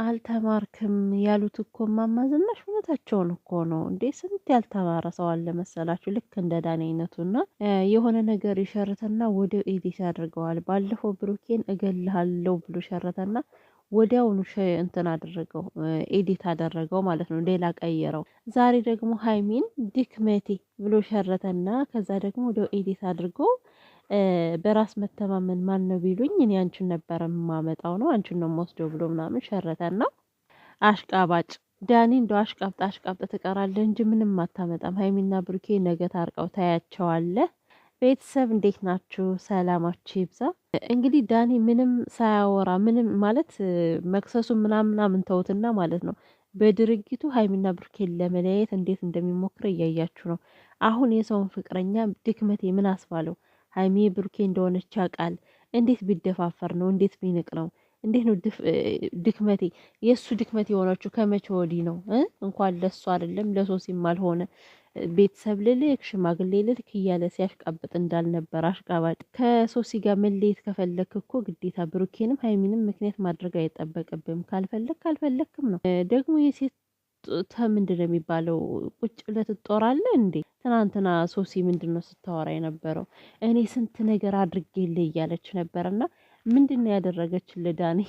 አልተማርክም ያሉት እኮ እማማ ዝናሽ እውነታቸውን እኮ ነው እንዴ! ስንት ያልተማረ ሰው አለ መሰላችሁ? ልክ እንደ ዳኒ አይነቱና የሆነ ነገር ይሸርተና ወደ ኤዲት ያደርገዋል። ባለፈው ብሩኬን እገልሃለሁ ብሎ ሸረተና ወዲያውኑ እንትን አደረገው ኤዲት አደረገው ማለት ነው፣ ሌላ ቀየረው። ዛሬ ደግሞ ሀይሚን ድክመቴ ብሎ ሸረተና ከዛ ደግሞ ወዲያው ኤዲት አድርገው በራስ መተማመን ማን ነው ቢሉኝ እኔ አንቺን ነበር የማመጣው ነው አንቺን ነው የምወስደው ብሎ ምናምን ሸረተን ነው። አሽቃባጭ ዳኒ እንደው አሽቃብጥ አሽቃብጥ ትቀራለህ እንጂ ምንም አታመጣም። ሀይሚና ብሩኬ ነገ ታርቀው ታያቸዋለህ። ቤተሰብ እንዴት ናችሁ? ሰላማችሁ ይብዛ። እንግዲህ ዳኒ ምንም ሳያወራ ምንም ማለት መክሰሱ ምናምናምን ተውትና ማለት ነው በድርጊቱ ሀይሚና ብሩኬን ለመለያየት እንዴት እንደሚሞክር እያያችሁ ነው። አሁን የሰውን ፍቅረኛ ድክመቴ ምን አስባለው? ሀይሚ ብሩኬ እንደሆነች ያውቃል። እንዴት ቢደፋፈር ነው? እንዴት ቢንቅ ነው? እንዴት ነው ድክመቴ የእሱ ድክመት የሆነችው ከመቼ ወዲህ ነው? እንኳን ለሱ አይደለም ለሶሲም አልሆነ ቤተሰብ ልልክ ሽማግሌ ልልክ እያለ ሲያሽቃብጥ እንዳልነበር አሽቃባጭ ከሶሲ ጋር መለየት ከፈለክ እኮ ግዴታ ብሩኬንም ሀይሚንም ምክንያት ማድረግ አይጠበቅብም። ካልፈለግ ካልፈለግክም ነው ደግሞ የሴት ምንድን ነው የሚባለው? ቁጭ ብለህ ትጦራለህ እንዴ? ትናንትና ሶሲ ምንድን ነው ስታወራ የነበረው? እኔ ስንት ነገር አድርጌልህ እያለች ነበር። እና ምንድን ነው ያደረገችልህ ዳኒ?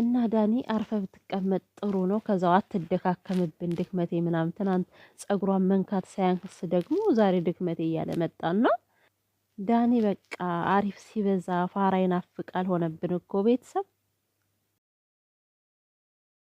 እና ዳኒ አርፈ ብትቀመጥ ጥሩ ነው። ከዛው አትደካከምብን፣ ድክመቴ ምናምን። ትናንት ጸጉሯን መንካት ሳያንክስ ደግሞ ዛሬ ድክመቴ እያለ መጣና ዳኒ በቃ አሪፍ ሲበዛ ፋራ ይናፍቃል ሆነብን እኮ ቤተሰብ